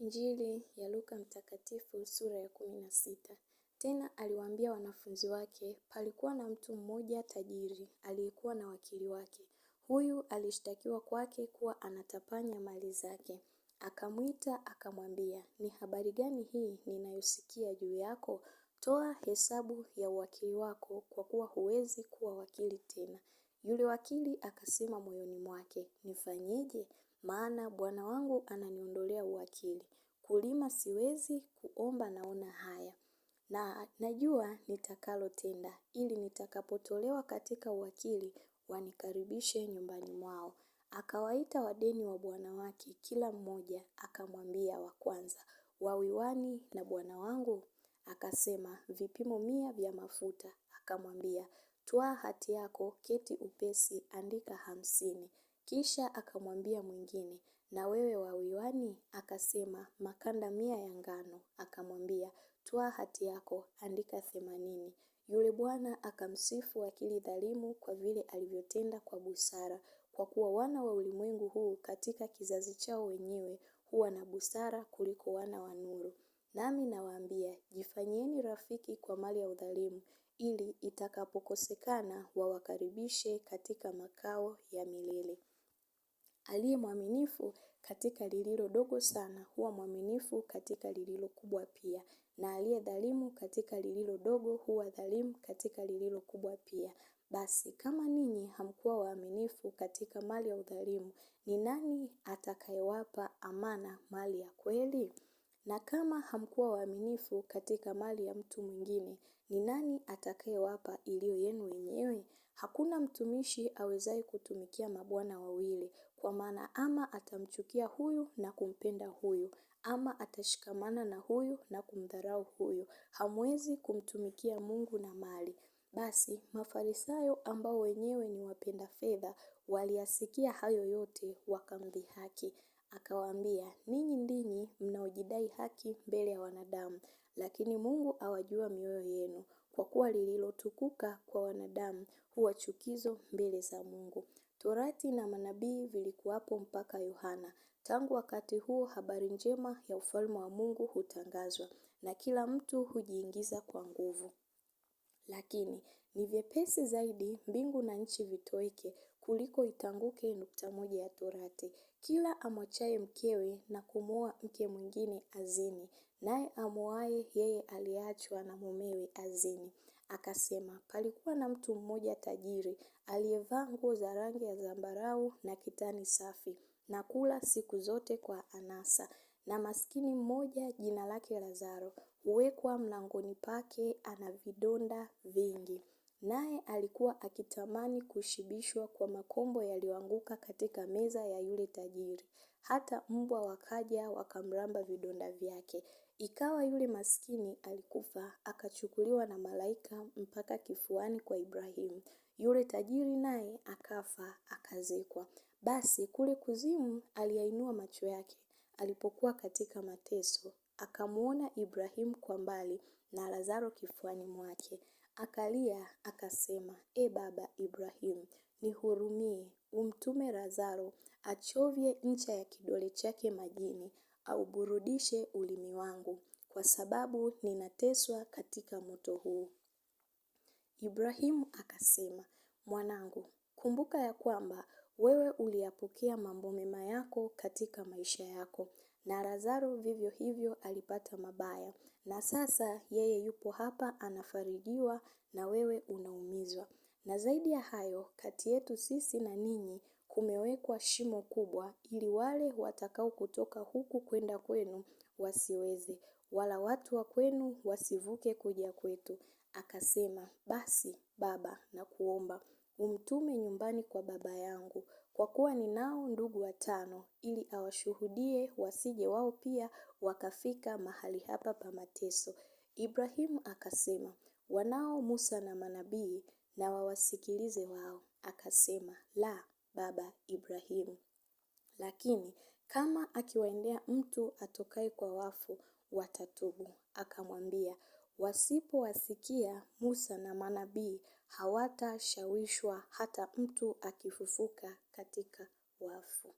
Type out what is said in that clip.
Injili ya Luka mtakatifu sura ya kumi na sita. Tena aliwaambia wanafunzi wake, palikuwa na mtu mmoja tajiri aliyekuwa na wakili wake. Huyu alishtakiwa kwake kuwa anatapanya mali zake. Akamwita akamwambia, ni habari gani hii ninayosikia juu yako? Toa hesabu ya uwakili wako, kwa kuwa huwezi kuwa wakili tena. Yule wakili akasema moyoni mwake, nifanyeje? Maana bwana wangu ananiondolea uwakili. Kulima siwezi, kuomba naona haya. Na najua nitakalotenda, ili nitakapotolewa katika uwakili, wanikaribishe nyumbani mwao. Akawaita wadeni wa bwana wake kila mmoja, akamwambia wa kwanza, wawiwani na bwana wangu? Akasema, vipimo mia vya mafuta. Akamwambia, Twaa hati yako, keti upesi, andika hamsini. Kisha akamwambia mwingine, na wewe wawiwani? Akasema, makanda mia ya ngano. Akamwambia, twaa hati yako, andika themanini. Yule bwana akamsifu akili dhalimu kwa vile alivyotenda kwa busara, kwa kuwa wana wa ulimwengu huu katika kizazi chao wenyewe huwa na busara kuliko wana wa nuru. Nami nawaambia, jifanyieni rafiki kwa mali ya udhalimu, ili itakapokosekana wawakaribishe katika makao ya milele. Aliye mwaminifu katika lililo dogo sana huwa mwaminifu katika lililo kubwa pia, na aliye dhalimu katika lililo dogo huwa dhalimu katika lililo kubwa pia. Basi kama ninyi hamkuwa waaminifu katika mali ya udhalimu, ni nani atakayewapa amana mali ya kweli? Na kama hamkuwa waaminifu katika mali ya mtu mwingine, ni nani atakayewapa iliyo yenu wenyewe? Hakuna mtumishi awezaye kutumikia mabwana wawili, kwa maana ama atamchukia huyu na kumpenda huyu, ama atashikamana na huyu na kumdharau huyu. Hamwezi kumtumikia Mungu na mali. Basi, Mafarisayo ambao wenyewe ni wapenda fedha, waliyasikia hayo yote wakamdhihaki. Akawaambia, ninyi ndinyi mnaojidai haki mbele ya wanadamu, lakini Mungu awajua mioyo yenu, kwa kuwa lililotukuka kwa wanadamu huwa chukizo mbele za Mungu. Torati na manabii vilikuwapo mpaka Yohana. Tangu wakati huo habari njema ya ufalme wa Mungu hutangazwa na kila mtu hujiingiza kwa nguvu. Lakini ni vyepesi zaidi mbingu na nchi vitoweke kuliko itanguke nukta moja ya torati. Kila amwachaye mkewe na kumwoa mke mwingine azini. Naye amwaye yeye aliachwa na mumewe azini. Akasema, palikuwa na mtu mmoja tajiri, aliyevaa nguo za rangi ya zambarau na kitani safi, na kula siku zote kwa anasa. Na maskini mmoja jina lake Lazaro, huwekwa mlangoni pake, ana vidonda vingi naye alikuwa akitamani kushibishwa kwa makombo yaliyoanguka katika meza ya yule tajiri. Hata mbwa wakaja wakamramba vidonda vyake. Ikawa yule maskini alikufa, akachukuliwa na malaika mpaka kifuani kwa Ibrahimu. Yule tajiri naye akafa, akazikwa. Basi kule kuzimu aliyainua macho yake, alipokuwa katika mateso, akamuona Ibrahimu kwa mbali na Lazaro kifuani mwake. Akalia akasema, E Baba Ibrahimu, nihurumie, umtume Lazaro achovye ncha ya kidole chake majini, auburudishe ulimi wangu, kwa sababu ninateswa katika moto huu. Ibrahimu akasema, Mwanangu, kumbuka ya kwamba wewe uliyapokea mambo mema yako katika maisha yako, na Lazaro vivyo hivyo alipata mabaya, na sasa yeye yupo hapa anafarijiwa na wewe unaumizwa. Na zaidi ya hayo, kati yetu sisi na ninyi kumewekwa shimo kubwa, ili wale watakao kutoka huku kwenda kwenu wasiweze, wala watu wa kwenu wasivuke kuja kwetu. Akasema, Basi Baba, nakuomba umtume nyumbani kwa baba yangu kwa kuwa ninao ndugu watano ili awashuhudie wasije wao pia wakafika mahali hapa pa mateso. Ibrahimu akasema, wanao Musa na manabii na wawasikilize wao. Akasema, la baba Ibrahimu. Lakini kama akiwaendea mtu atokaye kwa wafu watatubu. Akamwambia, Wasipowasikia Musa na manabii hawatashawishwa hata mtu akifufuka katika wafu.